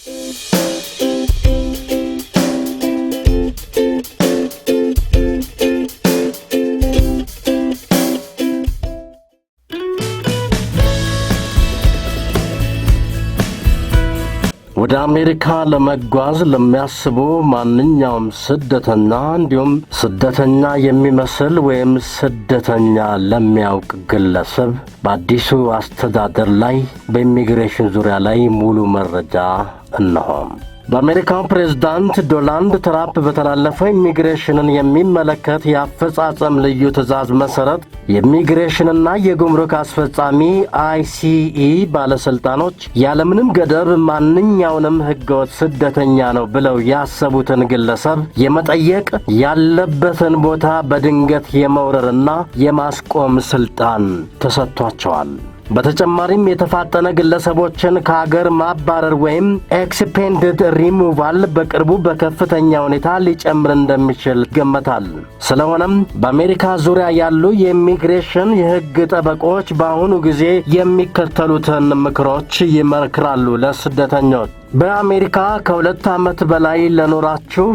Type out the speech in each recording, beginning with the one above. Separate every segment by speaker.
Speaker 1: ወደ አሜሪካ ለመጓዝ ለሚያስቡ ማንኛውም ስደተኛ እንዲሁም ስደተኛ የሚመስል ወይም ስደተኛ ለሚያውቅ ግለሰብ በአዲሱ አስተዳደር ላይ በኢሚግሬሽን ዙሪያ ላይ ሙሉ መረጃ እነሆም በአሜሪካው ፕሬዝዳንት ዶናልድ ትራምፕ በተላለፈው ኢሚግሬሽንን የሚመለከት የአፈጻጸም ልዩ ትዕዛዝ መሠረት የኢሚግሬሽንና የጉምሩክ አስፈጻሚ አይሲኢ ባለሥልጣኖች ያለምንም ገደብ ማንኛውንም ሕገወጥ ስደተኛ ነው ብለው ያሰቡትን ግለሰብ የመጠየቅ ያለበትን ቦታ በድንገት የመውረርና የማስቆም ሥልጣን ተሰጥቷቸዋል። በተጨማሪም የተፋጠነ ግለሰቦችን ከሀገር ማባረር ወይም ኤክስፔንድድ ሪሙቫል በቅርቡ በከፍተኛ ሁኔታ ሊጨምር እንደሚችል ይገመታል። ስለሆነም በአሜሪካ ዙሪያ ያሉ የኢሚግሬሽን የህግ ጠበቆች በአሁኑ ጊዜ የሚከተሉትን ምክሮች ይመክራሉ። ለስደተኞች በአሜሪካ ከሁለት ዓመት በላይ ለኖራችሁ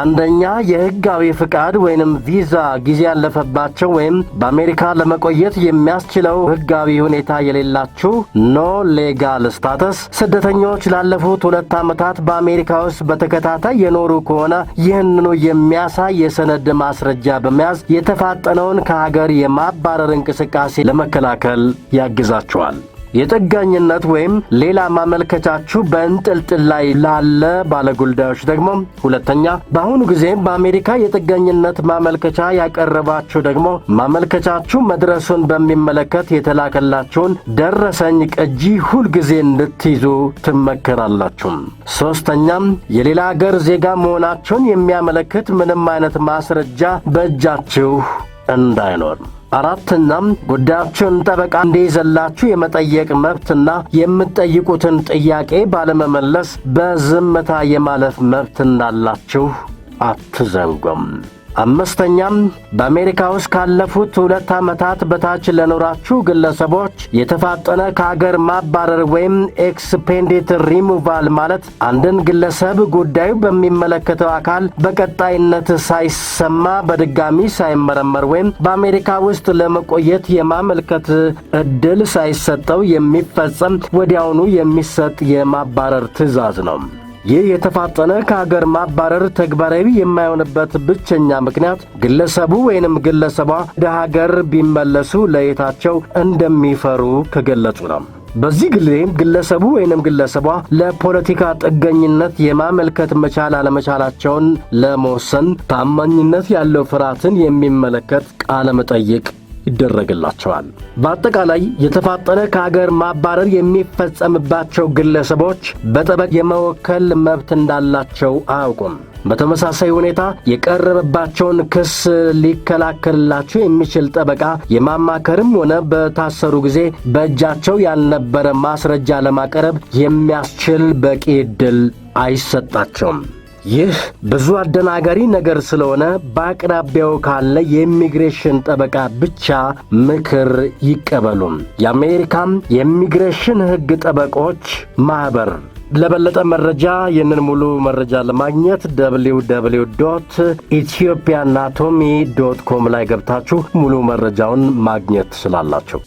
Speaker 1: አንደኛ የህጋዊ ፍቃድ ወይንም ቪዛ ጊዜ ያለፈባቸው ወይም በአሜሪካ ለመቆየት የሚያስችለው ህጋዊ ሁኔታ የሌላችሁ ኖ ሌጋል ስታተስ ስደተኞች ላለፉት ሁለት ዓመታት በአሜሪካ ውስጥ በተከታታይ የኖሩ ከሆነ ይህንኑ የሚያሳይ የሰነድ ማስረጃ በመያዝ የተፋጠነውን ከሀገር የማባረር እንቅስቃሴ ለመከላከል ያግዛቸዋል። የጠጋኝነት ወይም ሌላ ማመልከቻችሁ በእንጥልጥል ላይ ላለ ባለጉዳዮች ደግሞ ሁለተኛ፣ በአሁኑ ጊዜ በአሜሪካ የጥገኝነት ማመልከቻ ያቀረባችሁ ደግሞ ማመልከቻችሁ መድረሱን በሚመለከት የተላከላችሁን ደረሰኝ ቅጂ ሁልጊዜ እንድትይዙ ትመከራላችሁ። ሶስተኛም የሌላ አገር ዜጋ መሆናችሁን የሚያመለክት ምንም አይነት ማስረጃ በእጃችሁ እንዳይኖር አራትናም ጉዳያችሁን ጠበቃ እንዲይዘላችሁ የመጠየቅ መብትና የምትጠይቁትን ጥያቄ ባለመመለስ በዝምታ የማለፍ መብት እንዳላችሁ አትዘንጉም። አምስተኛም በአሜሪካ ውስጥ ካለፉት ሁለት ዓመታት በታች ለኖራችሁ ግለሰቦች የተፋጠነ ከአገር ማባረር ወይም ኤክስፔንዴት ሪሙቫል ማለት አንድን ግለሰብ ጉዳዩ በሚመለከተው አካል በቀጣይነት ሳይሰማ በድጋሚ ሳይመረመር ወይም በአሜሪካ ውስጥ ለመቆየት የማመልከት እድል ሳይሰጠው የሚፈጸም ወዲያውኑ የሚሰጥ የማባረር ትዕዛዝ ነው። ይህ የተፋጠነ ከሀገር ማባረር ተግባራዊ የማይሆንበት ብቸኛ ምክንያት ግለሰቡ ወይንም ግለሰቧ ወደ ሀገር ቢመለሱ ለየታቸው እንደሚፈሩ ከገለጹ ነው። በዚህ ጊዜ ግለሰቡ ወይንም ግለሰቧ ለፖለቲካ ጥገኝነት የማመልከት መቻል አለመቻላቸውን ለመወሰን ታማኝነት ያለው ፍርሃትን የሚመለከት ቃለ መጠይቅ ይደረግላቸዋል። በአጠቃላይ የተፋጠነ ከሀገር ማባረር የሚፈጸምባቸው ግለሰቦች በጠበቅ የመወከል መብት እንዳላቸው አያውቁም። በተመሳሳይ ሁኔታ የቀረበባቸውን ክስ ሊከላከልላቸው የሚችል ጠበቃ የማማከርም ሆነ በታሰሩ ጊዜ በእጃቸው ያልነበረ ማስረጃ ለማቅረብ የሚያስችል በቂ ዕድል አይሰጣቸውም። ይህ ብዙ አደናጋሪ ነገር ስለሆነ በአቅራቢያው ካለ የኢሚግሬሽን ጠበቃ ብቻ ምክር ይቀበሉ። የአሜሪካም የኢሚግሬሽን ሕግ ጠበቆች ማኅበር። ለበለጠ መረጃ ይህንን ሙሉ መረጃ ለማግኘት ደብሊው ደብሊው ዶት ኢትዮጵያ ናቶሚ ዶት ኮም ላይ ገብታችሁ ሙሉ መረጃውን ማግኘት ትችላላችሁ።